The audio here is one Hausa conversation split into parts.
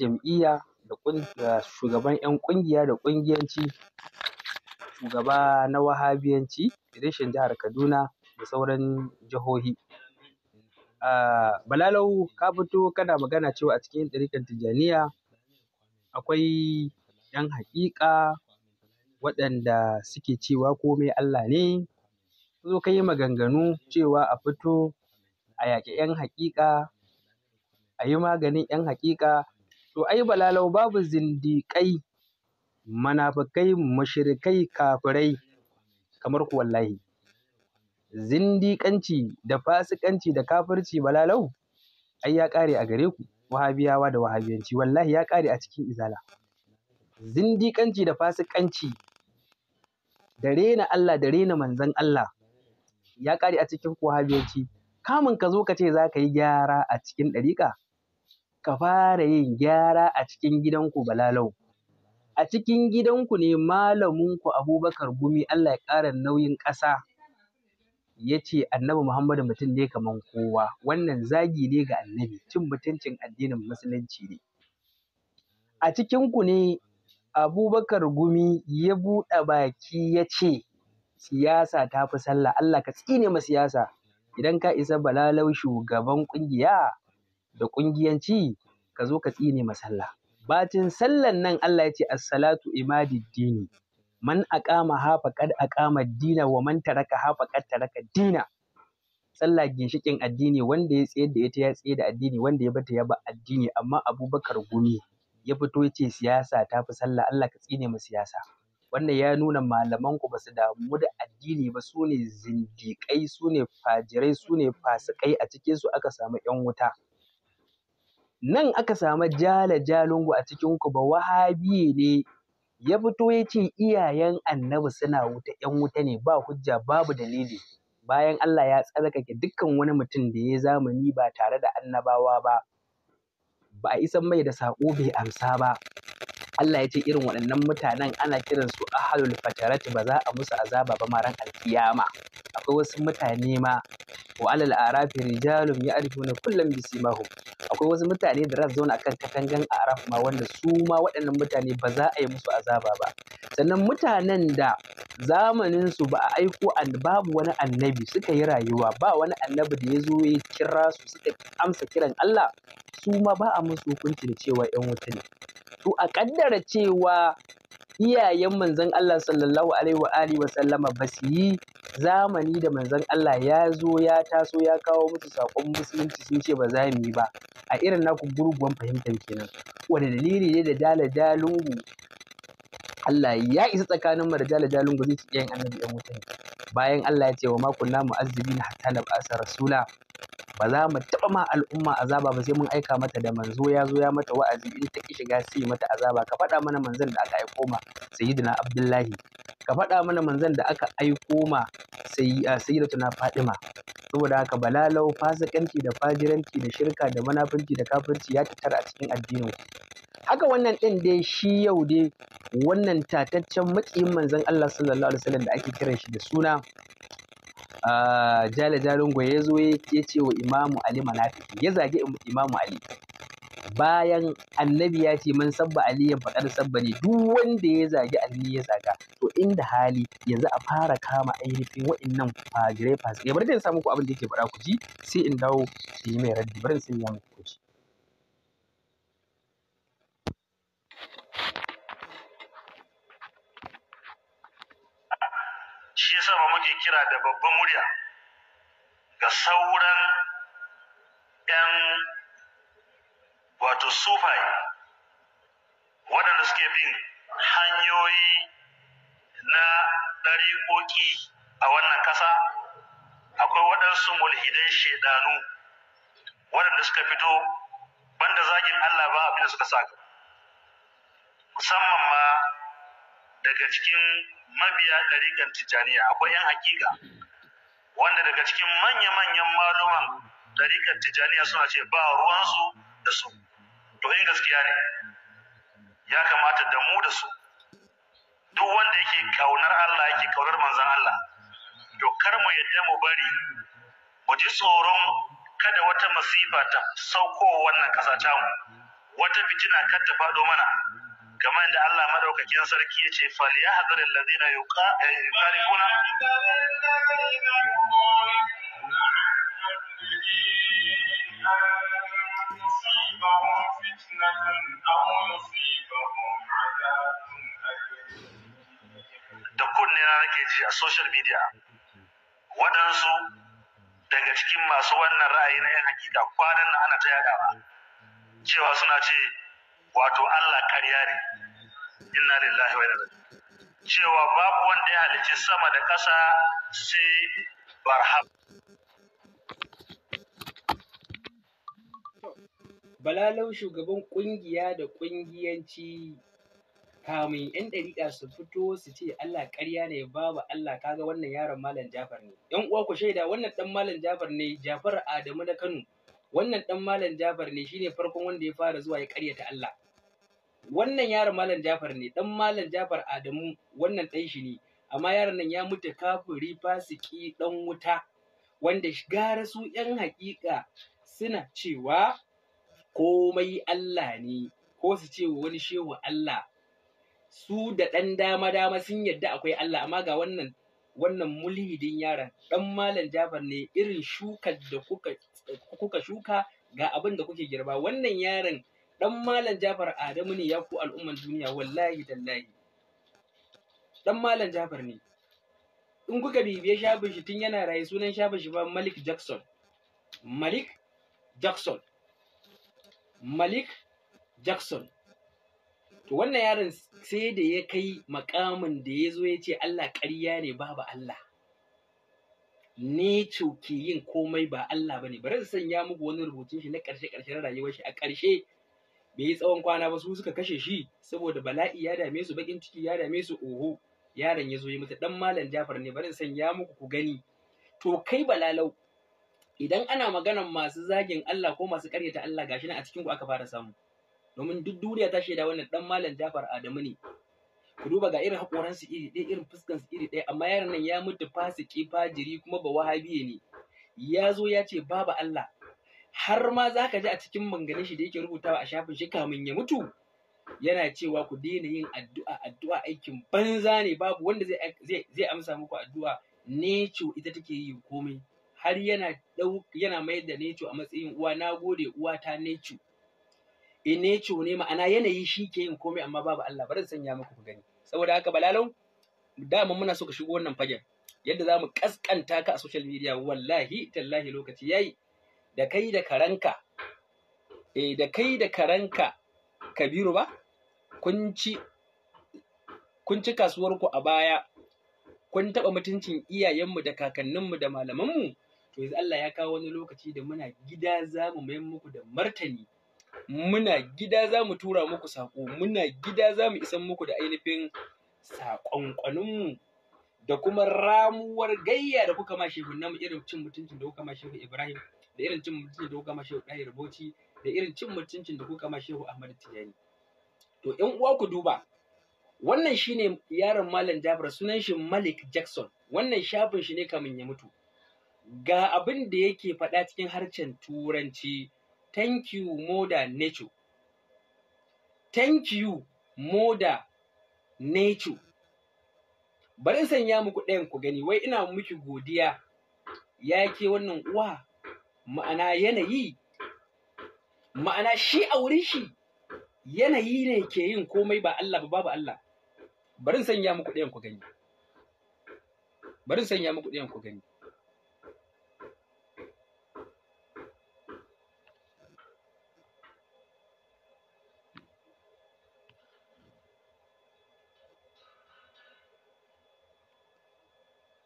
jam'iyya da shugaban ƴan ƙungiya da ƙungiyanci shugaba na wahabiyanci reshen jihar kaduna da sauran jihohi balalau ka fito kana magana cewa a cikin ɗarikar tijjaniya akwai ƴan haƙiƙa waɗanda suke cewa komai allah ne zo ka yi maganganu cewa a fito a yaƙi ƴan haƙiƙa a yi maganin ƴan haƙiƙa to ai balalau babu zindiƙai munafukai mushrikai kafirai kamar ku wallahi zindiƙanci da fasikanci da kafirci balalau ai ya ƙare a gare ku wahabiyawa da wahabiyanci wallahi ya ƙare a cikin izala zindiƙanci da fasikanci da rena Allah da rena manzon Allah ya ƙare a cikin wahabiyanci kamun ka zo ka ce za ka yi gyara a cikin ɗariƙa ka fara yin gyara a cikin gidanku balalau. A cikin gidanku ne malaminku Abubakar Gumi Allah ya ƙara nauyin ƙasa ya ce annabi Muhammadu mutum ne kamar kowa wannan zagi ne ga annabi cin mutuncin addinin musulunci ne. A cikinku ne Abubakar Gumi ya buɗe baki ya ce siyasa ta fi sallah Allah ka tsine ma siyasa idan ka isa balalau shugaban ƙungiya da ƙungiyanci ka zo ka tsine ma sallah bacin sallan nan Allah ya ce as-salatu imadiddini man aqama ha faqad aqama dina wa man taraka ha faqad taraka dina sallah ginshikin addini wanda ya tsayar da ita ya tsaye da addini wanda ya bata ya ba addini amma Abubakar Gumi ya fito ya ce siyasa ta fi sallah Allah ka tsine ma siyasa wannan ya nuna malaman ku basu damu da addini ba su ne zindiƙai su ne fajirai su ne fasikai a cikin su aka samu yan wuta Nan aka samu Jala Jalingo a cikinku ba Wahabiye ne ya fito ya ce iyayen annabi suna wuta, ‘yan wuta ne ba hujja babu dalili. Bayan Allah ya tsarkake dukkan wani mutum da ya zamani ba tare da annabawa ba, ba a isan mai da saƙo bai amsa ba. Allah ya ce irin waɗannan mutanen ana kiransu ahalul fatarat ba za a musu azaba ba maran alkiyama akwai wasu mutane ma wa alal arafi rijalum ya'rifuna kullam bisimahum akwai wasu mutane da za su zauna akan katangan araf ma wanda su ma waɗannan mutane ba za a yi musu azaba ba sannan mutanen da zamanin su ba a aiko babu wani annabi suka yi rayuwa ba wani annabi da ya zo ya kira su suka amsa kiran Allah su ma ba a musu hukunci da cewa 'yan wuta ne to a ƙaddara cewa iyayen manzon Allah sallallahu alaihi wa alihi wa sallama ba su yi zamani da manzon Allah ya zo ya taso ya kawo musu sakon musulunci sun ce ba za mu yi ba a irin naku gurguwan fahimtar kenan wanda dalili ne da dala dalungu Allah ya isa tsakanin mu da dala dalungu zai ci iyayen annabi 'yan wuta bayan Allah ya ce wa ma kunna mu'azzibina hatta ba'asa rasula ba za mu taɓa ma al'umma azaba ba sai mun aika mata da manzo ya zo ya mata wa'azi in ta ki shiga sai mata azaba ka faɗa mana manzon da aka aiko ma sayyidina abdullahi ka faɗa mana manzon da aka aiko ma ah, sayyidatuna fadima saboda haka balalau fasikanci da fajiranci da shirka da munafurci da kafirci ya tattara a cikin addinin haka wannan ɗin dai shi yau dai wannan tataccen matsayin manzon Allah sallallahu alaihi wasallam da ake kiran shi da suna jale jalingo ya zo ya ce wa imamu ali manafiki ya zage imamu ali bayan annabi ya ce man sabba aliyan faɗar sabba ne duk wanda ya zagi ali ya zaga to inda hali yanzu a fara kama ainihin wa'annan fajirai ya bari da in samu ku abin da yake faɗa ku ji sai in dawo yi mai raddi bari in sanya muku kira da babban murya ga sauran 'yan wato sufai waɗanda suke bin hanyoyi na ɗariƙoƙi a wannan ƙasa akwai waɗansu mulhidan shaidanu waɗanda suka fito banda zagin Allah ba abin suka saka musamman ma daga cikin mabiya ɗariƙar tijjaniya akwai 'yan hakika wanda daga cikin manya-manyan maluman ɗariƙar tijjaniya suna ce ba ruwansu da su to in eh, gaskiya ne ya kamata da mu da su duk wanda yake kaunar Allah yake kaunar manzan Allah to kar mu yadda mu bari mu ji tsoron kada wata masifa ta sauko wannan ƙasa tamu wata fitina kar ta faɗo mana kamar da Allah madaukakin sarki ya ce falyahdhar alladhina eh, yuqarifuna da kunne na nake ji a social media waɗansu daga cikin masu wannan ra'ayi na yan hakika kwanan na ana ta yadawa cewa suna ce wato Allah ƙarya ne inna lillahi wa inna cewa babu wanda ya halicci sama da ƙasa sai barham balalau shugaban kungiya da kungiyanci Kamun yan dariƙa su fito su ce Allah ƙarya ne babu Allah kaga wannan yaron malam Jafar ne yan uwa ku shaida wannan ɗan malam Jafar ne Jafar Adamu na Kano wannan ɗan malam Jafar ne shine farkon wanda ya fara zuwa ya ƙaryata Allah wannan yaron malam jafar ne dan malam jafar adamu wannan ɗan shi ne amma yaron nan ya mutu kafiri fasiki dan wuta wanda gara su yan haƙiƙa suna cewa komai Allah ne ko su ce wani shehu Allah su da ɗan dama dama sun yadda akwai Allah amma ga wannan wannan mulhidin yaron ɗan malam jafar ne irin shukar da kuka shuka ga abin da kuke girba wannan yaron dan malam Jafar Adamu ne ya ku al'umman duniya wallahi tallahi dan malam Jafar ne in kuka bibiye shafin shi tun yana raye sunan shafin shi ba Malik Jackson Malik Jackson Malik Jackson to wannan yaron sai da ya kai makamin da ya zo ya ce Allah ƙarya ne babu Allah Ni to ke yin komai ba Allah bane bari su sanya muku wani rubutun shi na ƙarshe na rayuwar shi a ƙarshe bai yi tsawon kwana ba su suka kashe shi saboda bala'i ya dame su bakin ciki ya dame su oho yaron ya zo yi mata dan malam Jafar ne bari san ya muku ku gani to kai balalau idan ana maganan masu zagin Allah ko masu karyata Allah gashi nan a cikin ku aka fara samu domin duk duniya ta shaida wannan dan malam Jafar Adamu ne ku duba ga irin hakoran su iri ɗaya irin fuskan su iri ɗaya amma yaron nan ya mutu fasiki fajiri kuma ba wahabiye ne ya zo ya ce babu Allah har ma za ka ji a cikin manganin shi da yake rubutawa a shafin shi kamun ya mutu yana cewa ku daina yin addu'a addu'a aikin banza ne babu wanda zai amsa muku addu'a neco ita take yi komai har yana yana mayar da neco a matsayin uwa na gode uwa ta neco e neco ne ma'ana yanayi shi ke yin komai amma babu Allah bari sanya muku ku gani saboda haka balalau dama muna so ka shigo wannan fagen yadda za mu kaskanta ka a social media wallahi tallahi lokaci yayi da kai da karanka eh da kai da karanka kabiru ba kun ci kun ci kasuwarku a baya kun taɓa mutuncin iyayenmu da kakanninmu da malamanmu to yanzu Allah ya kawo wani lokaci da muna gida za mu mayan muku da martani muna gida za mu tura muku sako, muna gida za mu isan muku da ainihin saƙonƙoninmu da kuma ramuwar gayya da kuka ma shehu namu irin cin mutuncin da kuka ma shehu Ibrahim da irin cin mutuncin da kuka ma shehu ɗahir da irin cin mutuncin da kuka ma shehu ahmad tijani to yan uwa ku duba wannan shine yaron malam jabir sunan shi malik jackson wannan shafin shi ne kamin ya mutu ga abin da yake faɗa cikin harshen turanci thank you moda nature thank you moda nature bari sanya muku ɗayan ku gani wai ina muku godiya ya ke wannan uwa ma'ana yanayi ma'ana shi a wurin shi yanayi ne ke yin komai ba Allah ba babu Allah barin sanya muku ɗayan ku gani barin sanya muku ɗayan ku gani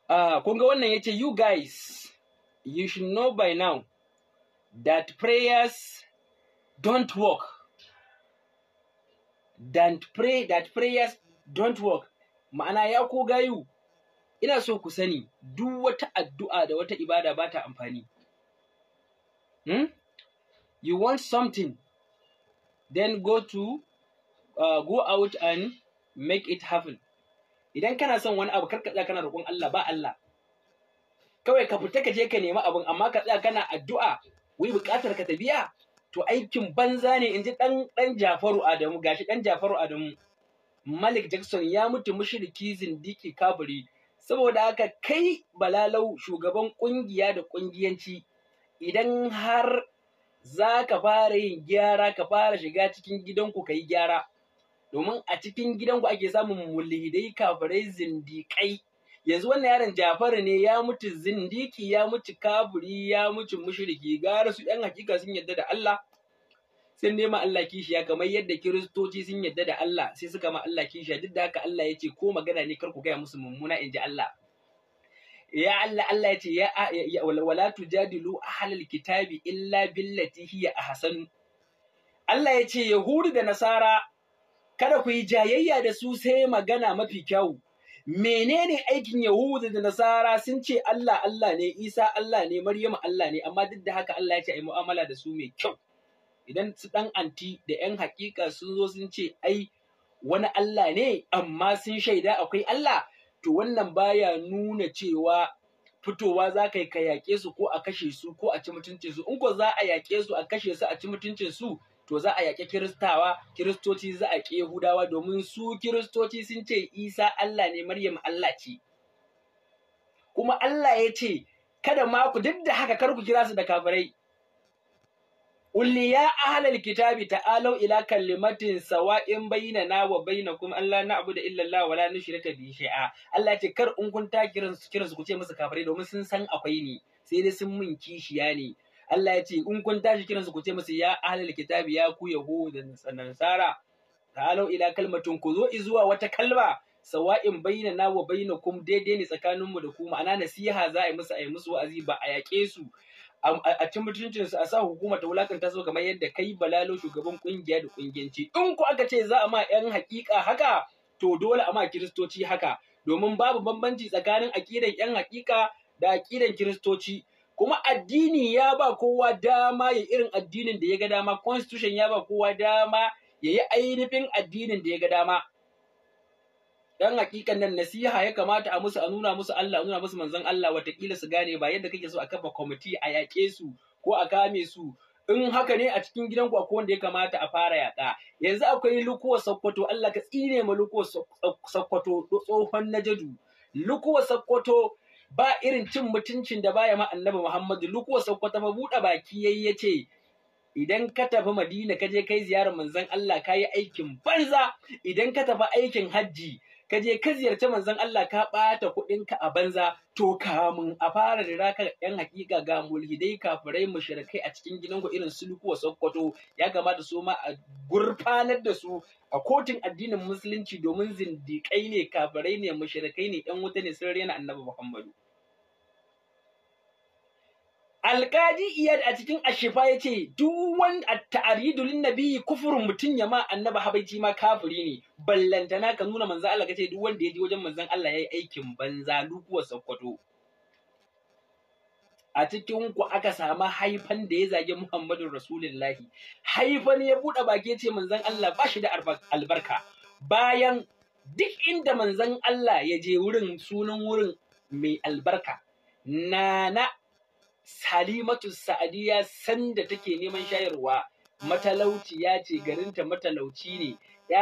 Uh, kun ga wannan ya ce, You guys, you should know by now that prayers don't work. Don't pray that prayers don't work. Ma'ana ya ko gayu ina so ku sani duk wata addu'a da wata ibada ba ta amfani. Hmm? You want something, then go to uh, go out and make it happen. Idan kana son wani abu karkaɗa kana roƙon Allah ba Allah. Kawai ka fita ka je ka nema abin amma ka tsaya kana addu'a wai buƙatar ka ta biya to aikin banza ne in ji ɗan Jafaru Adamu gashi ɗan Jafaru Adamu Malik Jackson ya mutu mushiriki zindiki kaburi saboda haka kai balalau shugaban ƙungiya da ƙungiyanci idan har za ka fara yin gyara ka fara shiga cikin gidanku ka yi gyara domin a cikin gidanku ake samun mulhidai kafirai zindiƙai yanzu wannan yaron Jafaru ne ya mutu zindiki ya mutu kaburi ya mutu mushriki gara su ɗan hakika sun yadda da Allah sun nema Allah kishiya kamar yadda kiristoci sun yadda da Allah sai suka ma Allah kishiya duk da haka Allah ya ce ko magana ne kar ku gaya musu mummuna in ji Allah ya Allah Allah ya ce ya wala tujadilu ahlal kitabi illa billati hiya ahsanu Allah ya ce Yahudu da Nasara kada ku yi jayayya da su sai magana mafi kyau menene aikin Yahudu da nasara sun ce Allah Allah ne isa Allah ne maryamu Allah ne amma duk da haka Allah ya ce ai mu'amala da su mai kyau idan su dan anti da yan hakika sun zo sun ce ai wani Allah ne amma sun shaida akwai Allah to wannan baya nuna cewa fitowa za ka yi ka yaƙe su ko a kashe su ko a ci mutuncin su in ko za a yaƙe su a kashe su a ci mutuncin su to za a yaƙi kiristawa kiristoci za a ƙi yahudawa domin su kiristoci sun ce isa allah ne maryam allah ce kuma allah ya ce kada ma ku duk da haka kar ku kira su da kafirai Ulli ya ahalal kitabi ta'alau ila kalimatin sawa'in na wa kum Allah na abu da illallah wa la nushrika bi shi'a Allah ce kar in kun ta kiran su kiran su ku ce musu kafirai domin sun san akwai ni sai dai sun mun kishiya ne Allah ya ce in kun tashi kiransu ku ce musu ya ahlul kitabi ya ku yahuda da nasara ta'alu ila kalmatun ku zo zuwa wata kalma sawa'in bayyana na wa bayyana kum daidai ne tsakanin mu da ku ma'ana nasiha za a yi musu a yi musu wa'azi ba a yaƙe su a cin mutuncin su a sa hukuma ta wulakanta su kamar yadda kai balalo shugaban kungiya da kungiyanci in ku aka ce za a ma yan hakika haka to dole a ma kiristoci haka domin babu bambanci tsakanin aƙidan yan hakika da aƙidan kiristoci kuma addini ya ba kowa dama ya irin addinin da ya ga dama constitution ya ba kowa dama ya yi ainihin addinin da ya ga dama dan hakikan nan nasiha ya kamata a musu a nuna musu Allah nuna musu manzon Allah watakila su gane ba yadda kake so a kafa kwamiti a yaƙe su ko a kame su in haka ne a cikin gidanku akwai wanda ya kamata a fara yaƙa yanzu akwai lukuwa sakkwato Allah ka tsine ma lukuwa sakkwato tsohon najadu lukuwa sakkwato ba irin cin mutuncin da baya ma annabi Muhammadu lukuwa sakkwata ma buɗe baki yayi yace idan ka tafi Madina ka je kai ziyarar manzon Allah ka yi aikin banza idan ka tafi aikin hajji ka je ka ziyarci manzon Allah ka ɓata kuɗinka a banza to kamun a fara rira ka yan hakika ga mulhidai kafirai mushrikai a cikin gidanku irin su lukuwa sokoto ya kamata su ma a gurfanar da su a kotun addinin musulunci domin zindikai ne kafirai ne mushrikai ne yan wuta ne sun rena annabi Muhammadu Alƙadi Iyad a cikin Ashifa ya ce, Duk wanda a ta'aridulin nabi kufurin mutum ya ma annaba habaici ma kafuri ne, ballantana ka nuna manzan Allah ka ce duk wanda ya je wajen manzan Allah ya yi aikin banza lukuwa sakkwato. A cikin ku aka samu haifan da ya zage Muhammadun Rasulullahi, haifan ya buɗe baki ce manzan Allah ba shi da albarka. Bayan duk inda manzan Allah ya je wurin sunan wurin mai albarka, na na Salimatu Sa'adiya sanda take neman shayarwa matalauci ya ce garinta matalauci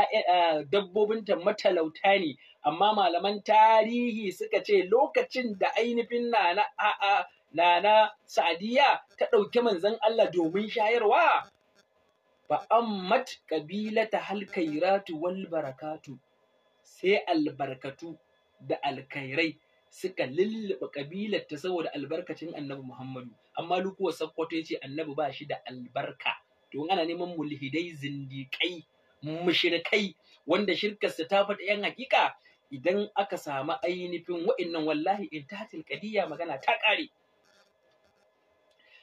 ne dabbobinta matalauta ne amma malaman tarihi suka ce lokacin da ainihin nana a'a nana Sa'adiya ta ɗauki manzon Allah domin shayarwa fa kabilata halkairatu wal barakatu sai albarkatu da alkairai suka lullube kabilar ta saboda albarkacin annabi Muhammadu amma lukuwa sakkwato ya ce annabi ba shi da albarka to ana neman mulhidai zindiƙai, mushrikai wanda shirkarsa ta faɗa yan hakika idan aka samu ainihin wa'annan wallahi in ta qadiyya magana ta ƙare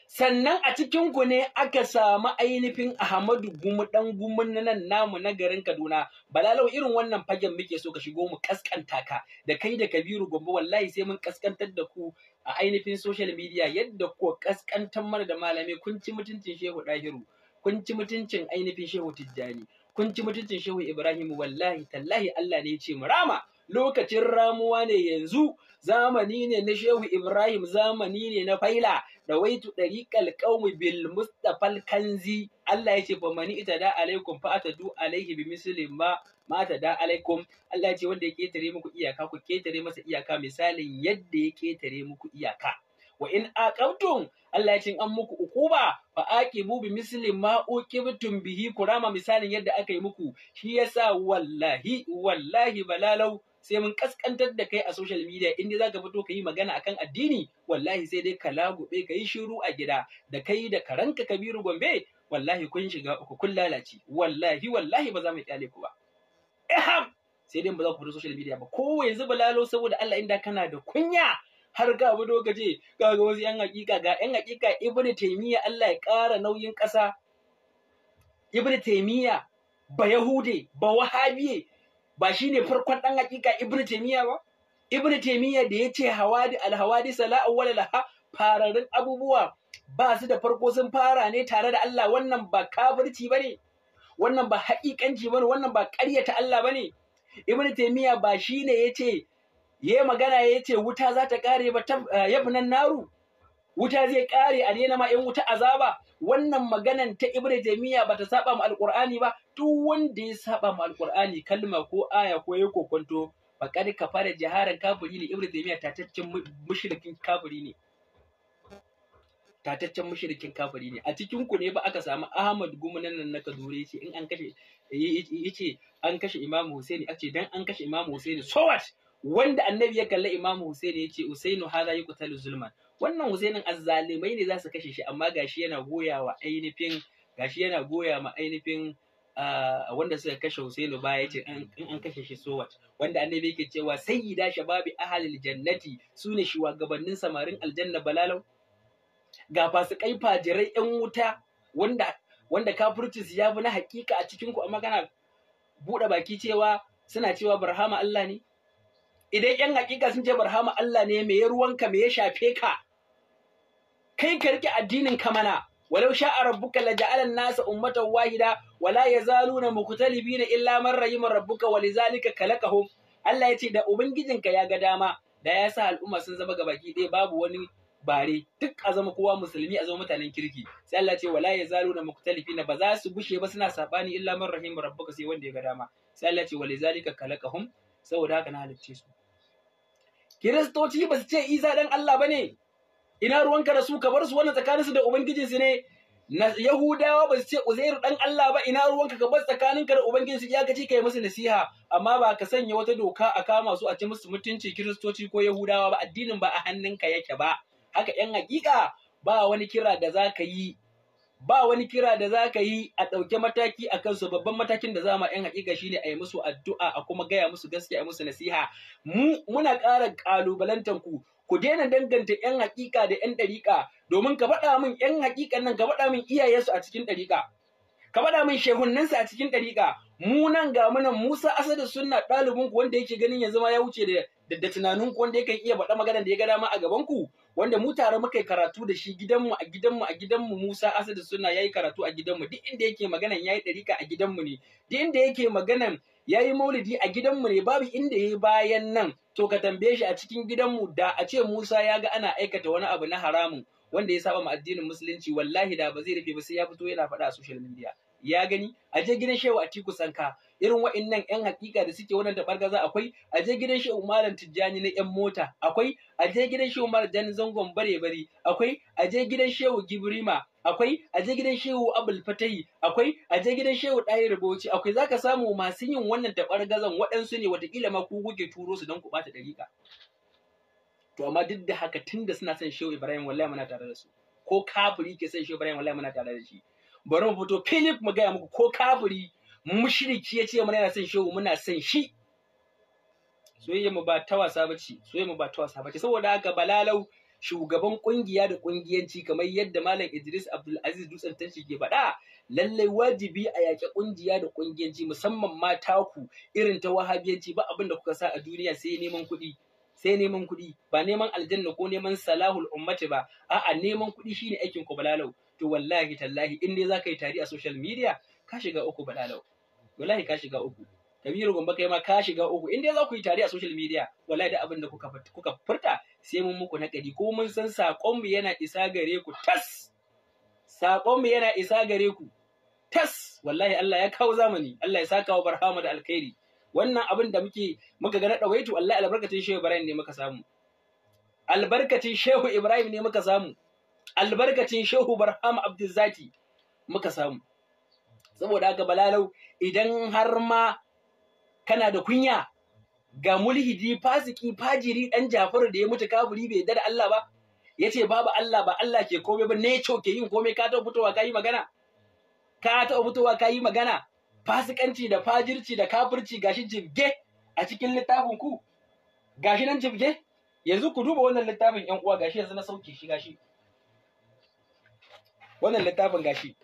sannan a cikin ku ne aka samu ainihin Ahmadu Gumu dan gumun nan namu na garin Kaduna balalau irin wannan fagen muke so ka shigo mu kaskanta ka da kai da Kabiru Gombe wallahi sai mun kaskantar da ku a ainihin social media yadda ku kaskantar mana da malamai kun ci mutuncin Shehu Dahiru kun ci mutuncin ainihin Shehu Tijjani kun ci mutuncin Shehu Ibrahim wallahi tallahi Allah ne ya ce mu rama lokacin ramuwa ne yanzu zamani ne na shehu ibrahim zamani ne na faila da waitu ɗariƙal ƙaumi bil mustafal kanzi Allah ya ce ba mani ita da alaikum fa du alaihi bi muslim ba ma ta da alaikum Allah ya ce wanda ya ketare muku iyaka ku ketare masa iyaka misalin yadda ya ketare muku iyaka wa in aqamtum Allah ya ce an muku ukuba fa aqibu bi muslim ma uqibtum bihi kurama misalin yadda aka yi muku shi yasa wallahi wallahi balalau sai mun kaskantar da kai a social media inda za ka fito ka yi magana akan addini wallahi sai dai ka lagube ka yi shiru a gida da kai da karanka kabiru gombe wallahi kun shiga uku kun lalace wallahi wallahi ba za mu kyale ku ba ehab sai dai ba za ku fito social media ba ko yanzu ba lalo saboda Allah inda kana da kunya har ga wani lokaci ga wasu yan hakika ga yan hakika ibnu taymiya Allah ya ƙara nauyin ƙasa ibnu taymiya ba yahude ba wahabiye ba shi ne farkon ɗan hakika ibnu taimiyya ba ibnu taimiyya da yace hawadi Alhawadi, sala'a la fararin abubuwa ba su da farko sun fara ne tare da Allah wannan ba kafirci ne? wannan ba haƙiƙanci ba ne? wannan ba ƙaryata Allah ba ne? ibnu taimiyya ba shi ne shine ya yi magana ya ce wuta za ta kare ba eh, yabnan naru wuta zai kare a daina ma yan wuta azaba wannan maganan ta ibnu jamiya bata saba mu alqur'ani ba duk wanda ya saba mu alqur'ani kalma ko aya ko ya kokonto ka fara jaharan kafiri ne ibnu jamiya tataccen mushrikin kafiri ne tataccen mushrikin kafiri ne a cikin ku ne ba aka samu Ahmad Gumunan nan na Kadure shi in an kashe yace an kashe Imam Husaini ce dan an kashe Imam Husaini so what wanda annabi ya kalla Imam Husaini yace usainu hadha yuqtalu zulman wannan Husainin azzalimai ne za su kashe shi amma gashi yana goya wa ainihin gashi yana goya ma ainihin ah, wanda suka kashe Husainu ya ce in an kashe shi so what wanda annabi yake cewa sayyida shababi ahlil jannati sune shugabannin samarin aljanna balalau ga fasikai fajirai yan wuta wanda wanda kafirci ya bi na hakika a cikin ku amma kana buɗe baki cewa suna cewa barhama Allah ne idan yan hakika sun ce barhama Allah ne me ya ruwanka me ya shafe ka kai ka rike addinin ka mana walau a rabbuka la ja'ala nasa ummatan wahida wala yazaluna mukhtalibina illa man rahima rabbuka walizalika khalaqahum Allah yace da ubangijinka ya ga dama da ya sa al'umma sun zama gabaki ɗaya babu wani bare duk a zama kowa musulmi a zama mutanen kirki sai Allah ce wala yazaluna mukhtalifina ba za su bushe ba suna sabani illa man rahim rabbuka sai wanda ya ga dama sai Allah ce walizalika khalaqahum saboda haka na halicce su Kiristoci ba su ce Isa dan Allah bane ina ruwanka da su ka bar su wannan tsakanin su da ubangijin su ne na Yahudawa ba su ce uzair dan Allah ba ina ruwanka ka bar tsakanin ka da ubangijin su? ya kace kai musu nasiha amma ba ka sanya wata doka a kama su a ci musu mutunci kiristoci ko Yahudawa ba addinin ba a hannunka yake ba haka yan hakika ba wani kira da za ka yi ba wani kira da za ka yi a ɗauke mataki a kansu babban matakin da zama yan hakika shine a yi musu addu'a a kuma gaya musu gaskiya a musu nasiha mu muna ƙara ƙalubalantar ku ku daina danganta yan hakika da yan dariƙa domin ka faɗa min yan hakikan nan ka faɗa min iyayensu a cikin dariƙa ka faɗa min shehunnansu a cikin dariƙa mu nan ga munan Musa Asadu sunna ɗalibin ku wanda yake ganin ya ma ya wuce da da tunanin ku wanda yake iya faɗa magana da ya gada ma a gaban ku wanda mu tare muka yi karatu da shi gidanmu a gidanmu a gidanmu Musa Asadu sunna yayi karatu a gidanmu duk inda yake ya yayi dariƙa a gidanmu ne duk inda yake maganan ya yi maulidi a gidanmu ne babu inda ya yi bayan nan to ka tambaye shi a cikin gidanmu da a ce Musa ya ga ana aikata wani abu na haramun wanda ya saba ma addinin musulunci wallahi da ba zai rufe ba sai ya fito yana faɗa a social media ya gani a je gidan shehu Atiku Sanka irin wa'annan yan hakika da suke wannan gaza akwai a je gidan shehu Malam Tijjani na yan mota akwai a je gidan shehu Malam Tijjani zangon bare bare akwai a je gidan shehu Gibrima akwai a je gidan shehu Abul Fatahi akwai a je gidan shehu Dahir Bauchi akwai zaka samu masu yin wannan tabargazan waɗansu ne watakila ma ku kuke turo su don ku bata dariƙa to amma duk da haka tunda suna son shehu Ibrahim wallahi muna tare da su ko kafiri ke son shehu Ibrahim wallahi muna tare da shi bari mu fito Philip mu gaya muku ko kafiri mushriki ya ce mana yana son shehu muna son shi soyayya mu ba ta wasa bace soyayya mu ba ta wasa bace saboda haka balalau shugaban kungiya da kungiyanci kamar yadda malam Idris Abdul Aziz Dutsen ta ke faɗa lallai wajibi a yake kungiya da kungiyanci musamman ma taku irin ta wahabiyanci ba abin kuka sa a duniya sai neman kuɗi sai neman kuɗi ba neman aljanna ko neman salahul ummati ba a'a neman kuɗi shine aikin ku balalau to wallahi tallahi in dai zaka yi tari a social media ka shiga uku dalau wallahi ka shiga uku kabiru gombe kai ma ka shiga uku in dai za ku yi tari a social media wallahi da abin da kuka kuka furta sai mun muku nakadi ko mun san sakon mu yana isa gare ku tas sakon mu yana isa gare ku tas wallahi Allah ya kawo zamani Allah ya saka wa barhama da alkhairi wannan abin da muke muka ga na dawaitu wallahi albarkatin shehu Ibrahim ne muka samu albarkatin shehu Ibrahim ne muka samu albarkacin shehu barham abdulzaki muka samu saboda haka balalau idan har ma kana da kunya ga mulhidi fasiki fajiri dan jafaru da ya mutu kafiri bai yarda da Allah ba yace babu Allah ba Allah ke komai ba ne ke yin komai ka taɓa fitowa kayi magana ka taɓa fitowa kai magana fasikanci da fajirci da kafirci gashi jibge a cikin littafin ku gashi nan jibge yanzu ku duba wannan littafin yan uwa gashi yanzu na sauke shi gashi wannan littafin gashi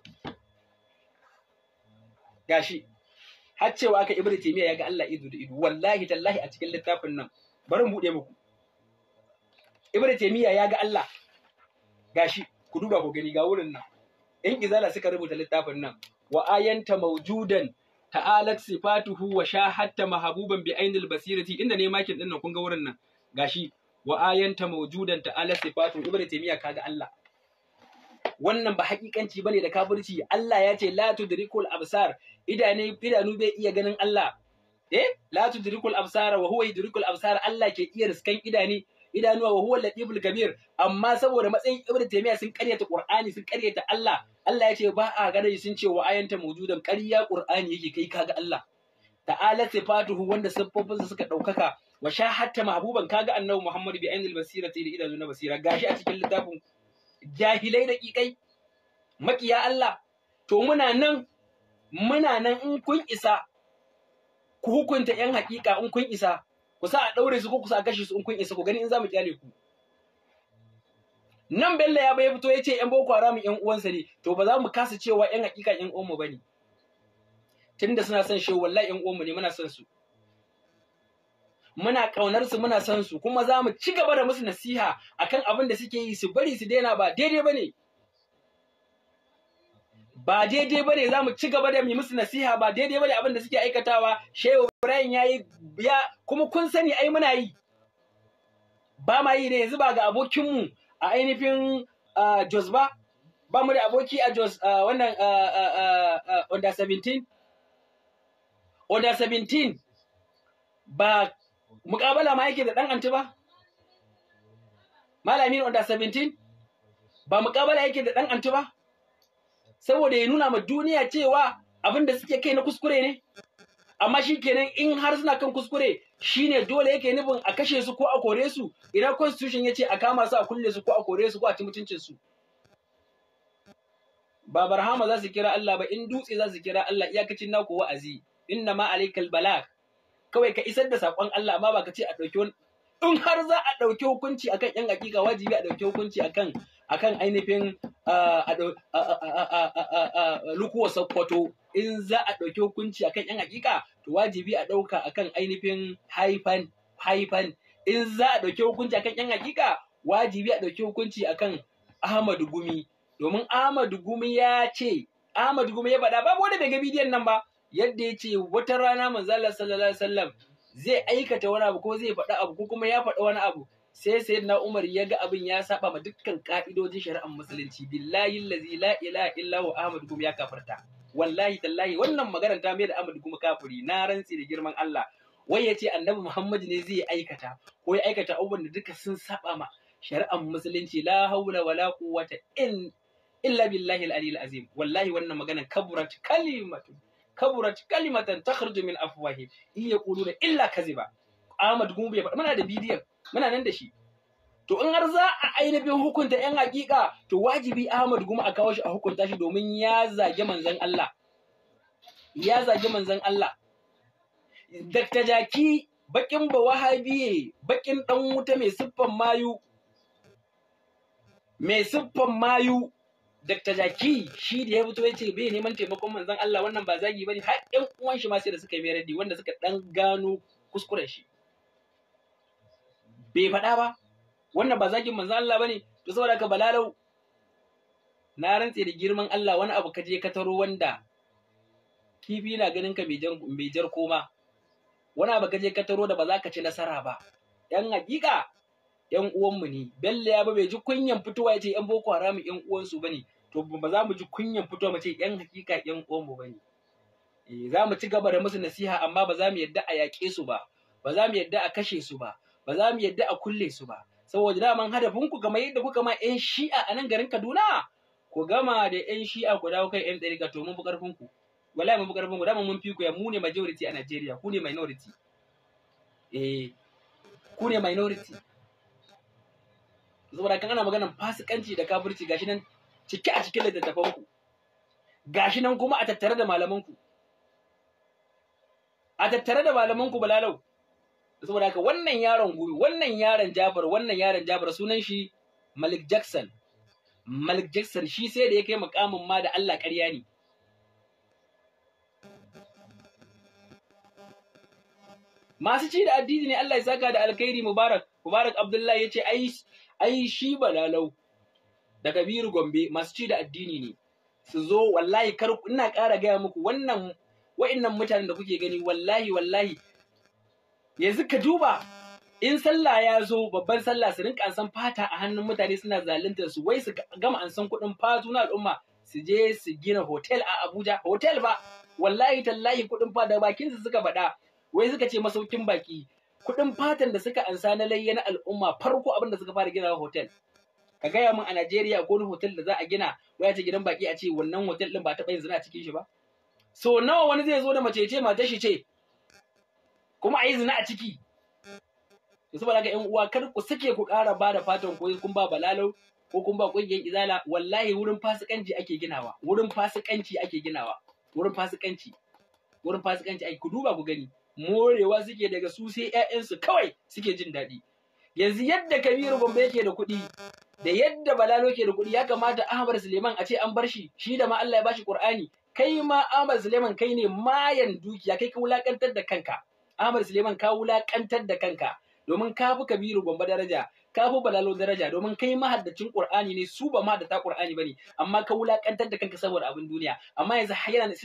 gashi har cewa aka ibnu taymiya ya ga Allah ido da ido wallahi tallahi a cikin littafin nan bari mu bude muku ibnu taymiya ya ga Allah gashi ku duba ku gani ga wurin nan in izala suka rubuta littafin nan wa ayanta mawjudan ta'alat sifatuhu wa shahatta mahabuban bi ainil basirati inda ne makin din nan kun ga wurin nan gashi wa ayanta mawjudan ta'alat sifatuhu ibnu taymiya kaga Allah wannan ba hakikanci bane da kafirci Allah ya ce la tudrikul absar idanu idanu bai iya ganin Allah eh la tudrikul absar wa huwa yudrikul absar Allah ke iya riskan idani idanuwa wa huwa latibul kabir amma saboda matsayin ibnu taymiya sun karyata qur'ani sun karyata Allah Allah ya ce ba a ganin sun ce wa ayanta mawjudan ƙarya qur'ani yake kai kaga Allah ta'ala sifatuhu wanda siffofinsa suka ɗaukaka wa sha hatta mahbuban kaga annabi Muhammad bi ainil basirati da idanu na basira gashi a cikin littafin jahilai da ƙiƙai maƙiya Allah to muna nan muna nan in kun isa ku hukunta yan haƙiƙa in kun isa ku sa a ɗaure su ko ku sa a kashe su in kun isa ku gani in za mu kyale ku nan Bello ya bai fito ya ce ‘yan boko haramun ‘yan uwansa ne, to ba za mu kasa cewa ‘yan hakika ‘yan uwanmu ba ne, tunda suna son shi wallahi ‘yan uwanmu ne muna son su. muna ƙaunar su muna son su kuma za mu ci gaba da musu nasiha akan abin da suke yi su bari su daina ba daidai bane ba daidai bane za mu ci gaba da mu musu nasiha ba daidai bane abin da suke aikatawa shehu Ibrahim yayi ya kuma kun sani ai muna yi ba ma yi ne yanzu ba ga abokinmu a ainihin Jos ba ba mu da aboki a Jos wannan under 17 under 17 ba muƙabala ma yake da ɗan anti ba malamin under 17 ba muƙabala yake da ɗan anti ba saboda ya nuna ma duniya cewa abin da suke kai na kuskure ne amma shi kenan in har suna kan kuskure shi ne dole yake nufin a kashe su ko a kore su idan constitution ya ce a kama su a kulle su ko a kore su ko a ci mutuncin su ba barhama za su kira Allah ba in dutse za su kira Allah iyakacin naku wa'azi inna ma alaikal balak kawai ka isar da sakon Allah ma ba ka ce a ɗauki wani in har za a ɗauki hukunci akan yan hakika wajibi a ɗauki hukunci akan akan ainihin lukuwa sakkwato in za a ɗauki hukunci akan yan hakika to wajibi a ɗauka akan ainihin haifan haifan in za a ɗauki hukunci akan yan hakika wajibi a ɗauki hukunci akan Ahmadu Gumi domin Ahmadu Gumi ya ce Ahmadu Gumi ya faɗa babu wanda bai ga bidiyon nan ba yadda ya ce wata rana manzala sallallahu alaihi wasallam zai aikata wani abu ko zai faɗa abu ko kuma ya faɗa wani abu sai na Umar ya ga abin ya saba ma dukkan ka'idojin shari'ar musulunci billahi allazi la ilaha illa wa ahmad kuma ya kafarta wallahi tallahi wannan maganar ta mai da Ahmad kuma kafiri na rantsi da girman Allah wai ya ce annabi Muhammad ne zai aikata ko ya aikata abubuwan da duka sun saba ma shari'ar musulunci la haula wala quwwata in illa billahi al-ali azim wallahi wannan maganar kaburat kalimatu kaburat kalimatan takhruju min afwahi in yaquluna illa kaziba Ahmad Gumbe muna da bidiyon muna nan da shi to in har za a ainihin hukunta yan hakika to wajibi Ahmad Gumbe a kawo shi a hukunta shi domin ya zage manzon Allah ya zage manzon Allah Dr. Jaki bakin ba wahabiye bakin dan wuta mai siffan mayu mai siffan mayu Dr. Jaki shi da ya fito ya ce bai neman taimakon manzon Allah wannan ba zagi bane har ɗan uwan shi ma sai da suka yi raddi wanda suka dan gano kuskuren shi. Bai faɗa ba wannan ba zagin manzon Allah bane to saboda ka balalau na rantse da girman Allah wani abu ka je ka taro wanda kifi na ganin ka bai jar koma wani abu ka je ka taro da ba za ka ci nasara ba yan hakika yan uwanmu ne bello ya ba bai ji kunyan fitowa ya ce yan boko haram yan uwansu bane to ba za mu ji kunyan fito mu ce yan hakika yan omo ba ne eh, za mu ci gaba da musu nasiha amma ba za mu yadda a yaƙe su ba ba za mu yadda a kashe su ba ba za mu yadda a kulle su ba saboda daman hadafin ku kamar yadda kuka ma yan shi'a a nan garin Kaduna ku gama da yan shi'a ku dawo kai yan ɗariƙa to mun fi ƙarfin ku wallahi mun fi ƙarfin ku daman mun fi ku ya mu ne majority a Najeriya ku ne minority eh ku ne minority saboda kan ana maganar fasikanci da kafirci gashi nan cike a cikin littattafanku gashi nan kuma a tattare da malamanku a tattare da malamanku balalau saboda haka wannan yaron gumi wannan yaron Jabar wannan yaron Jabar sunan shi Malik Jackson Malik Jackson shi sai da ya kai makamin ma da Allah ƙarya ne masu ci da addini ne Allah ya saka da alkhairi Mubarak Mubarak Abdullahi ya ce ai ai shi balalau da Kabiru Gombe masu ci da addini ne su zo wallahi kar ina ƙara gaya muku wannan wa'innan mutanen da kuke gani wallahi wallahi yanzu ka duba in sallah ya zo babban sallah su rinka ansan fata a hannun mutane suna zaluntar su wai su gama ansan kuɗin fatu na al'umma su je su gina hotel a Abuja hotel ba wallahi tallahi kuɗin fata bakin su suka faɗa wai suka ce masaukin baki kuɗin fatan da suka ansa na layyana na al'umma farko abin da suka fara gina hotel ka gaya min a Najeriya ko wani hotel da za a gina waya ta gidan baki a ce wannan hotel din ba taɓa yin zina a cikin shi ba so nawa wani zai zo da mace ce mata shi ce kuma a zina a ciki ba za ka ‘yan uwa kar ku sake ku ƙara ba da fatan ko kun ba balalau ko kun ba ƙungiyar izala wallahi wurin fasikanci ake ginawa wurin fasikanci ake ginawa wurin fasikanci wurin fasikanci ai ku duba ku gani morewa suke daga su sai ƴaƴansu kawai suke jin daɗi yanzu yadda kabiru gombe yake da kuɗi da yadda balalo ke da kuɗi ya kamata Ahmad Suleiman a ce an bar shi shi da ma Allah ya bashi Qur'ani kai ma Ahmad Suleiman kai ne mayan dukiya kai ka wulakantar da kanka Ahmad Suleiman ka wulakantar da kanka domin ka fi Kabiru Gombe daraja ka fi balalo daraja domin kai mahaddacin Qur'ani ne su ba mahaddata Qur'ani bane amma ka wulakantar da kanka saboda abin duniya amma yanzu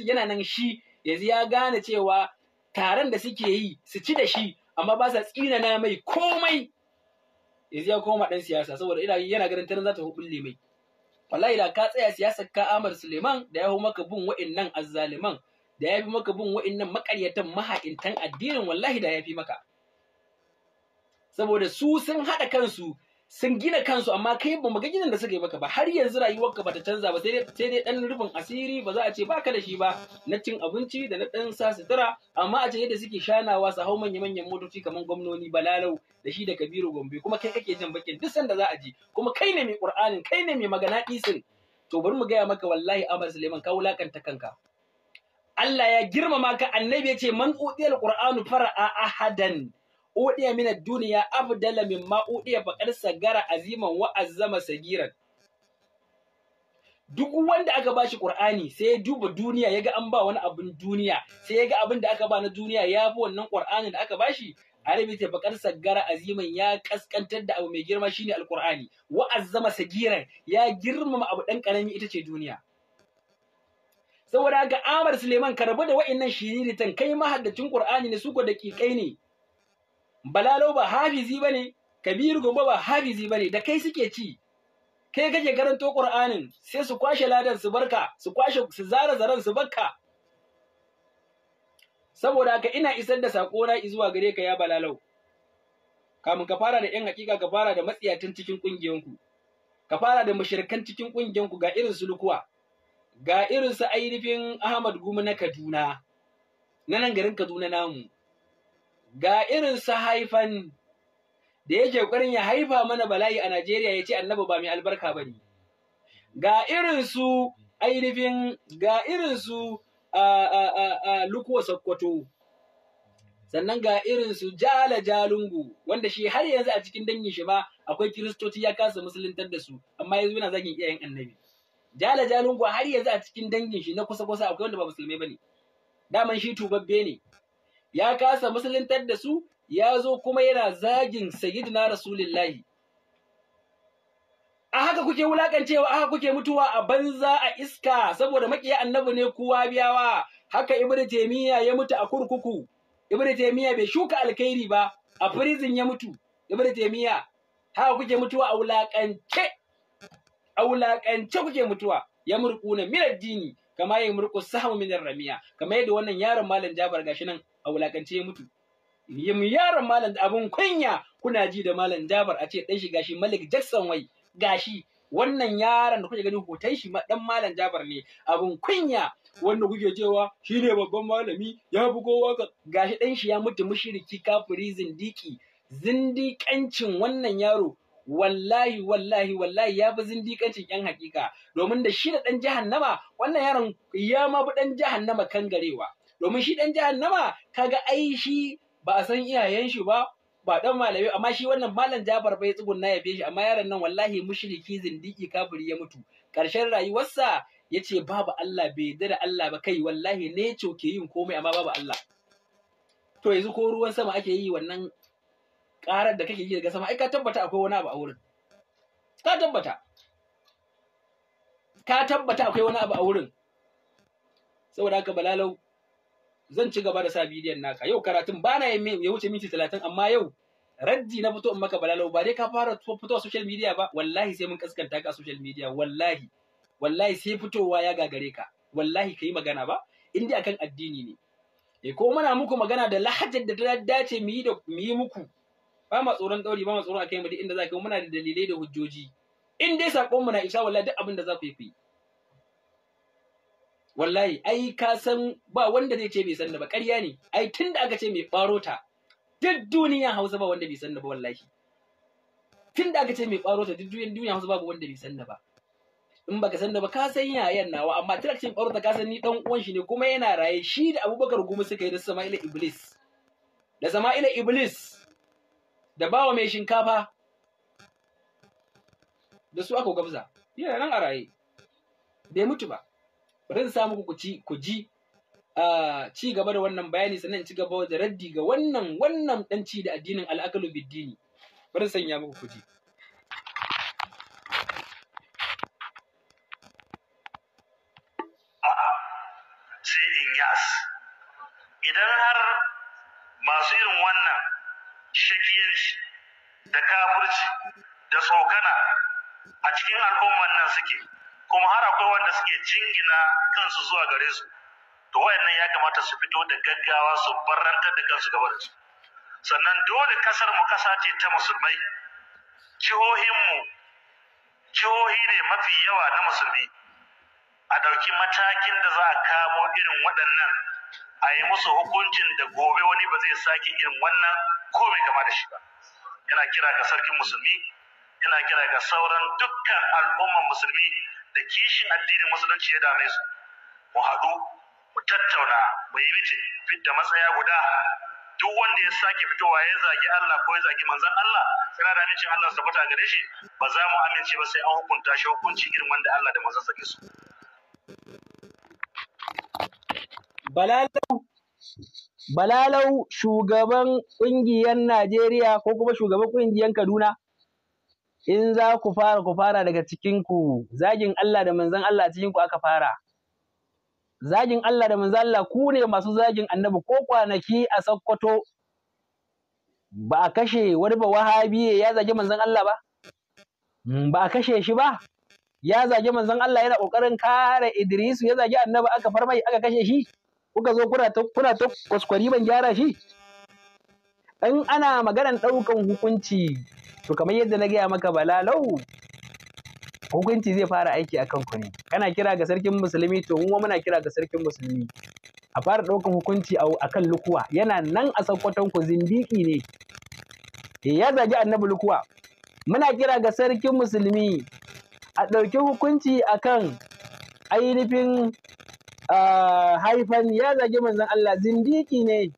yana yana nan shi yanzu ya gane cewa taron da suke yi su ci da shi amma ba sa tsina na mai komai yanzu ya koma dan siyasa saboda ina yana ganin tarin za ta mai wallahi da ka tsaya siyasar ka Amar Suleiman da ya hu maka bin wa'innan azzaliman da ya fi maka bin wa'innan makaryatan maha'intan addinin wallahi da ya fi maka saboda su sun haɗa kansu sun gina kansu amma kai ba ga gidan da suka yi maka ba har yanzu rayuwarka ba ta canza ba sai dai dan rufin asiri ba za a ce baka da shi ba na cin abinci da na dan sa sutura amma a ce yadda suke shanawa su hau manya manyan motoci kamar gwamnoni balalau da shi da kabiru gombe kuma kai kake jan bakin duk sanda za a ji kuma kai ne mai qur'anin kai ne mai magana isin to bari mu gaya maka wallahi Ahmad Suleiman ka wulakanta kanka Allah ya girmama ka annabi ya ce man utiyal qur'anu fara'a ahadan udiya min ad-dunya afdala ma udiya faqad sagara aziman wa azzama sagiran duk wanda aka bashi Qur'ani sai ya duba duniya yaga an ba wani abin duniya sai yaga abin da aka ba na duniya ya fi wannan Qur'anin da aka bashi Arabi ta bakar saggara aziman ya kaskantar da abu mai girma shine alqur'ani wa azzama sagiran ya girmama abu dan karami ita ce duniya saboda ga Amar Suleiman karbu da wa'annan shiriritan kai mahaddacin Qur'ani ne su ko dakikai ne balalo ba hafizi ne, kabir gumba ba hafizi ba ne. da kai suke ci kai kake karanto ƙur'anin sai su kwashe ladan su barka su kwashe su zara zaren su barka saboda haka ina isar da sako na zuwa gare ka ya balalau kamun ka fara da yan hakika ka fara da matsiyatan cikin ƙungiyanku, ka fara da mashirkan cikin ƙungiyanku ga irin su lukuwa ga irin su ainihin Ahmad Gumi na Kaduna na nan garin Kaduna namu ga irin su haifan da yake ƙoƙarin ya haifa mana bala'i a Najeriya ya ce annabi ba mai albarka ba ne. Ga irin su ainihin ga irin su a lukuwa sakkwato, sannan ga irin su jala jalungu wanda shi har yanzu a cikin dangin shi ba akwai kiristoci ya kasa musuluntar da su amma yanzu yana zagin iyayen annabi. Jala jalungu har yanzu a cikin dangin shi na kusa kusa akwai wanda ba musulmai ba ne. Daman shi tubabbe ne. ya kasa musuluntar da su ya zo kuma yana zagin sayyidina rasulullahi a haka kuke wulakancewa a haka kuke mutuwa a banza a iska saboda makiya annabi ne kuwa biyawa haka ibnu taymiya ya mutu a kurkuku ibnu taymiya bai shuka alkhairi ba a prison ya mutu ibnu taymiya haka kuke mutuwa a wulakance a wulakance kuke mutuwa ya murkuna min addini kama ya murku sahamu min ramiya kama yadda wannan yaron malam Jabar gashi nan a wulakance ya mutu yaron malam abun kunya kuna ji da malam Jabar a ce dan shi gashi Malik Jackson wai gashi wannan yaron da kuke gani hoton shi dan malam Jabar ne abun kunya wanda kuke cewa shine babban malami ya bugo kowa gashi dan shi ya mutu mushriki kafiri zindiki zindikancin wannan yaro wallahi wallahi wallahi ya fi zindikancin yan hakika domin da shi da dan jahannama wannan yaron ya ma bi dan jahannama garewa. domin shi dan jahannama kaga ai shi ba a san iyayen shi ba ba dan malami amma shi wannan malam Jabar bai tsugunna ya fi shi amma yaron nan wallahi mushriki zindiki kafiri ya mutu karshen rayuwarsa yace babu Allah bai yarda da Allah ba kai wallahi ne ke yin komai amma babu Allah to yanzu ko ruwan sama ake yi wannan karar da kake yi daga sama ai ka tabbata akwai wani abu a wurin ka tabbata ka tabbata akwai wani abu a wurin saboda haka balalau zan ci gaba da sa bidiyon naka yau karatun ba na ya wuce minti talatin amma yau raddi na fito in maka balalau ba dai ka fara fito a social media ba wallahi sai mun kaskanta ka a social media wallahi wallahi sai fitowa ya gagare ka wallahi ka yi magana ba in dai akan addini ne e ko muna muku magana da lahajar da ta dace mu yi muku ba ma tsoron dauri ba ma tsoron akai mu duk inda za ka muna da dalilai da hujjoji in dai sakon mu na isa wallahi duk abin da za ku yi ku yi wallahi ai ka san ba wanda zai ce bai san da ba ƙarya ne ai tun da aka ce mai faro ta duk duniya hausa ba wanda bai san da ba wallahi tun da aka ce mai faro ta duk duniya hausa babu wanda bai san da ba in baka san da ba ka san yayan nawa amma tun aka ce faro ta ka san ni dan uwan shi ne kuma yana raye shi da abubakar goma suka yi da sama'ila iblis da sama'ila iblis da bawa mai shinkafa da su aka gabza yana nan a raye bai mutu ba bari sa muku ku ci ku ji ci gaba da wannan bayani sannan ci gaba da raddi ga wannan wannan dan ci da addinin al'akalu biddini bari sanya muku ku ji sai in idan har masu irin wannan shakiyanci da kafirci da tsokana a cikin al'umman nan suke kuma har akwai wanda suke jingina kansu zuwa gare su to wayannan ya kamata su fito da gaggawa su barrantar da kansu gaba da su sannan dole kasar mu kasa ce ta musulmai jihohin mu jihohi ne mafi yawa na musulmi a ɗauki matakin da za a kamo irin waɗannan a yi musu hukuncin da gobe wani ba zai sake irin wannan ko mai gama da shi ba ina kira ga sarkin musulmi ina kira ga sauran dukkan al'umman musulmi da kishin addinin musulunci ya dame su mu haɗu mu tattauna mu yi mitin da matsaya guda duk wanda ya sake fitowa ya zagi Allah ko ya zagi manzon Allah sai na da amincin Allah su fita gare shi ba za mu amince ba sai an hukunta shi hukunci irin wanda Allah da manzon sake su balalau balalau shugaban kungiyar Najeriya ko kuma shugaban kungiyar Kaduna in za ku fara ku fara daga cikinku zagin Allah da manzon Allah cikin ku aka fara zagin Allah da manzon Allah ku ne masu zagin annabi ko kwanaki a Sokoto ba a kashe wani ba wahabi ya zagi manzon Allah ba hmm, ba a kashe shi ba ya zagi manzon Allah yana kokarin kare Idrisu ya zagi annabi aka farmai aka kashe shi kuka zo kuna ta kuna ta kwaskwari ban gyara shi in ana maganar ɗaukan hukunci to kamar yadda na gaya maka balalau hukunci zai fara aiki a kanku ne kana kira ga sarkin musulmi to mu muna kira ga sarkin musulmi a fara ɗaukan hukunci a kan lukuwa yana nan a sakkwaton ku zindiki ne eh, ya zagi annabi lukuwa muna kira ga sarkin musulmi a ɗauki hukunci a kan ainihin ah, haifan ya zagi manzon Allah zindiki ne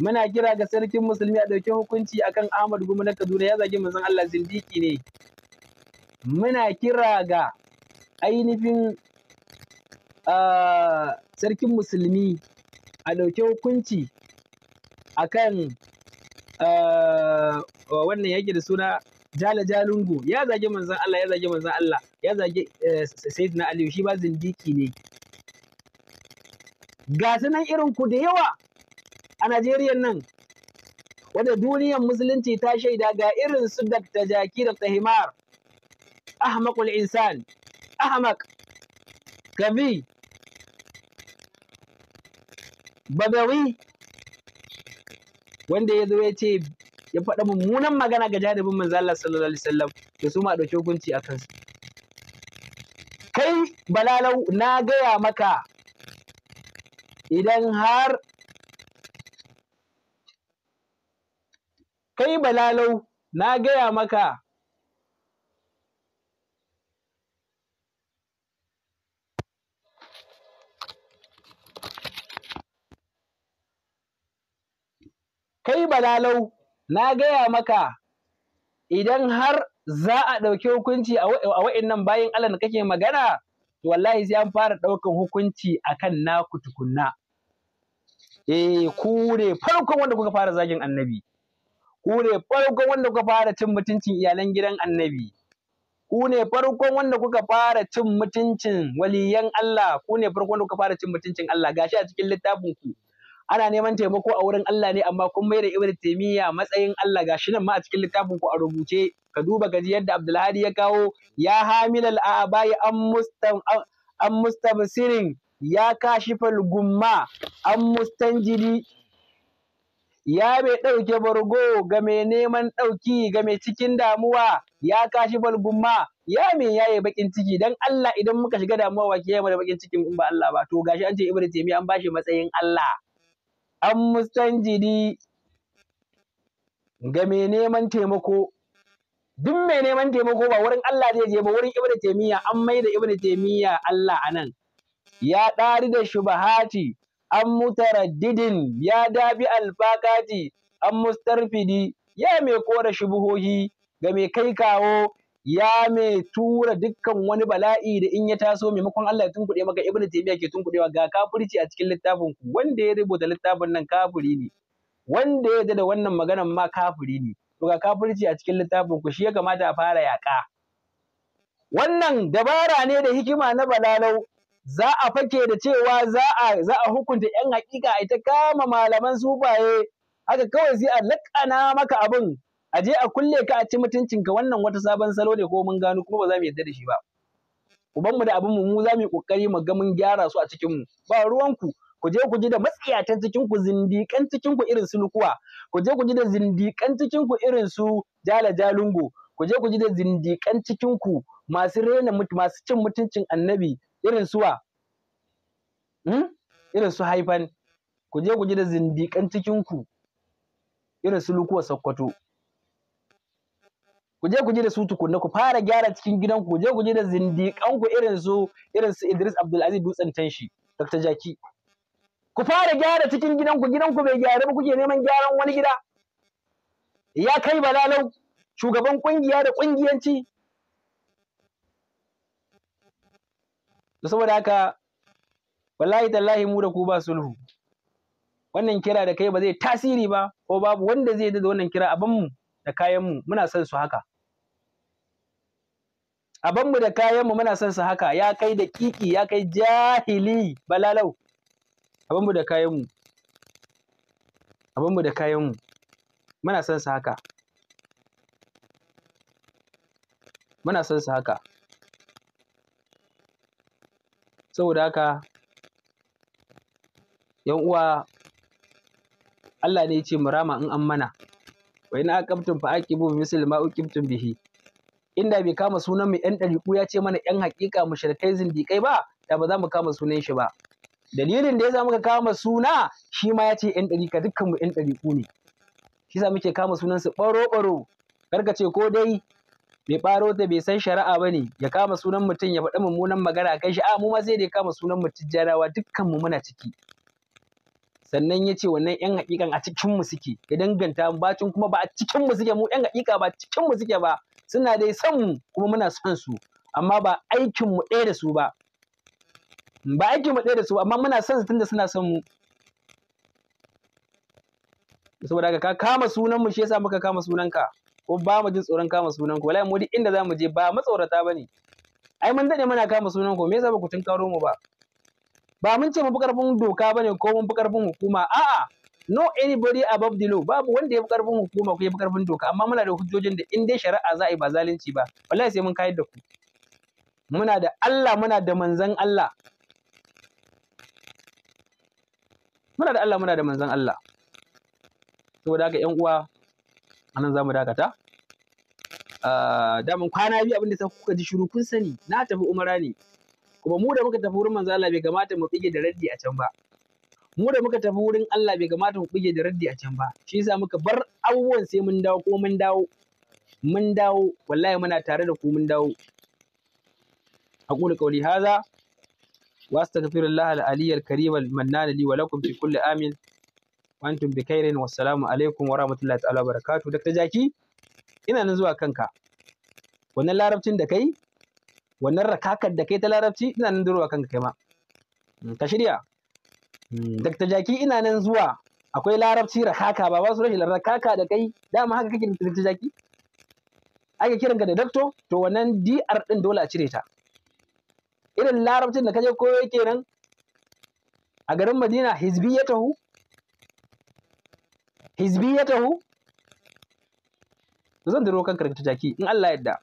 muna kira ga sarkin musulmi a ɗauki hukunci akan Ahmad Gumi na Kaduna ya zagi manzon Allah zindiki ne muna kira ga ainihin sarkin musulmi a ɗauki hukunci akan wannan yake da suna jala jalungu ya zagi manzon Allah ya zagi manzon Allah ya zagi eh, sayyidina Aliyu shi ba zindiki ne ga sunan irin ku da yawa a Najeriya nan wadda duniyar musulunci ta shaida ga irin su Dr. Jaki Dr. Himar Ahmaqul Insan Ahmaq Gabi Bagawi wanda ya zo ya ce ya faɗa mummunan magana ga jadabin manzo Allah sallallahu alaihi wasallam da su ma ɗauki hukunci a kansu kai balalau na gaya maka idan har kai balalau na gaya maka kai balalau na gaya maka idan har za a ɗauki hukunci a wa'innan bayin Allah da kake magana to wallahi sai an fara ɗaukan hukunci a akan naku tukunna eh ku ne farkon wanda kuka fara zagin annabi ku ne farkon wanda kuka fara cin mutuncin iyalan gidan annabi ku ne farkon wanda kuka fara cin mutuncin waliyan Allah ku ne farkon wanda kuka fara cin mutuncin Allah gashi a cikin littafin ku ana neman taimako a wurin Allah ne amma kun da ibada Taymiyyah matsayin Allah gashi nan ma a cikin littafin ku a rubuce ka duba gaji yadda Abdulhadi ya kawo ya hamilal abai an mustan an mustabsirin ya kashifal gumma an mustanjidi ya mai ɗauke bargo ga mai neman ɗauki ga mai cikin damuwa ya kashi balgumma ya mai yaye bakin ciki dan Allah idan muka shiga damuwa wa ke da bakin cikin in ba Allah ba to gashi an ce ibnu taymiya an bashi matsayin Allah an mustanjidi ga mai neman taimako duk mai neman taimako ba wurin Allah zai je ba wurin ibnu taymiya an maida ibnu taymiya Allah anan ya ɗari da shubahati an mutaraddidin ya dabi alfaƙati an mustarfidi ya mai kora shubuhohi ga mai kai kawo ya mai tura dukkan wani bala'i da in ya taso maimakon Allah ya tunkuɗe maka ibnu taymiya ke tunkuɗewa ga kafirci a cikin littafin ku wanda ya rubuta littafin nan kafiri ne wanda ya da wannan maganan ma kafiri ne to ga kafirci a cikin littafin ku shi ya kamata a fara yaƙa wannan dabara ne da hikima na balalau za a fake da cewa za a za a hukunta yan hakika ita kama malaman sufaye haka kawai sai a lakana maka abin a je a kulle ka a ci mutuncinka wannan wata sabon salo ne ko mun gano kuma ba za mu yarda da shi ba Uban mu da abin mu za mu yi kokari mu ga mun gyara su a cikin mu. ba ruwan ku je ku ji da matsiyatan zindikan cikin ku irin su lukuwa ku je ku ji da zindikan cikin ku irin su jala jalungu ku je ku ji da cikin ku masu rena masu cin mutuncin annabi irin suwa hmm? irin su haifan ku je ku ji da zindikan cikinku irin su lukuwa sokoto ku je ku ji da su tukunna ku fara gyara cikin gidanku ku je ku ji da zindikan ku irin su irin su Idris Aziz Dutsen Tanshi Dr. Jaki ku fara gyara cikin gidanku gidanku bai gyara ba kuke neman gyaran wani gida ya kai balalau shugaban kungiya da kungiyanci to saboda haka wallahi tallahi mu da ku ba sulhu wannan kira da kai ba zai tasiri ba ko babu wanda zai da wannan kira abanmu da kayanmu muna son su haka abanmu da kayanmu muna son su haka ya kai da kiki ya kai jahili balalau abanmu da kayanmu abanmu da kayanmu muna son su haka muna son su haka saboda haka yan uwa Allah ne ya ce mu rama in an mana wa ina aqabtum fa aqibu misl ma uqibtum bihi inda bai kama sunan mu yan ɗariƙu ya ce mana yan haƙiƙa mushrikai zindiƙai ba da ba za mu kama sunan shi ba dalilin da ya sa muka kama suna shi ma ya ce yan ɗariƙa dukkan mu yan ɗariƙu ne shi sa muke kama sunan su ɓaro ɓaro karka ce ko dai Bai ɓaro ta bai san shari'a ba ne ya kama sunan mutum ya faɗi mummunan magana kai shi a mu ma sai da ya kama sunan mutum jarawa dukkan mu muna ciki sannan ya ce wannan yan haƙiƙan a cikin mu suke ya danganta mu bacin kuma ba a cikin mu suke mu yan haƙiƙa ba cikin mu suke ba suna dai son mu kuma muna son su amma ba aikin mu ɗaya da su ba ba aikin mu ɗaya da su amma muna son su tunda suna son mu saboda haka ka kama sunan mu shi yasa muka kama sunan ka ko ba mu jin tsoron kama sunan ku wallahi mu duk inda zamu je ba matsorata bane ai mun dade muna kama sunan ku me yasa ba ku tunkaro mu ba ba mun ce mu fi karfin doka bane ko mun fi karfin hukuma a'a no anybody above the law babu wanda ya fi karfin hukuma ko ya fi karfin doka amma muna da hujjojin da in dai shari'a za a yi ba zalunci ba wallahi sai mun kayar da ku muna da Allah muna da manzon Allah muna da Allah muna da manzon Allah saboda haka ƴan uwa anan za mu Da ah, mun kwana biyu abinda sai kuka ji shiru kun sani na tafi umara ne kuma mu da muka tafi wurin manzo Allah bai gamata mu bige da raddi a can ba mu da muka tafi wurin Allah bai kamata mu bige da raddi a can ba shi yasa muka bar abubuwan sai mun dawo ko mun dawo mun dawo wallahi muna tare da ku mun dawo aqulu qawli hadha واستغفر الله العلي الكريم المنان لي ولكم في كل امن antum bi khairin wassalamu alaikum wa rahmatullahi ta'ala barakatu Dr. Jaki ina nan zuwa kanka wannan larabcin da kai wannan rakakar da kai ta larabci ina nan zuwa kanka kai ma hmm, ka shirya hmm, Dr. Jaki ina nan zuwa akwai larabci rakaka ba ba su rashin rakaka da kai dama haka kake Dr. Jaki ake ka da doctor to wannan DR din dole a cire ta irin larabcin da kaje koyo kenan a garin Madina hizbi ya tahu hizbiyatahu zan duro kan karkata jaki in Allah yadda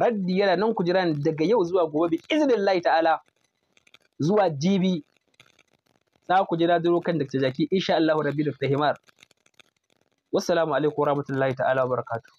raddi yana nan kujiran daga yau zuwa gobe bi iznillahi ta'ala zuwa jibi za ku jira duro kan dakta jaki insha Allah rabbil himar wassalamu alaikum warahmatullahi ta'ala wabarakatuh